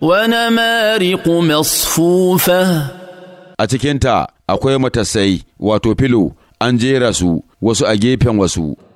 wana mari kumaffa a cikinta akwai matasai wato filo an jera su wasu a gefen wasu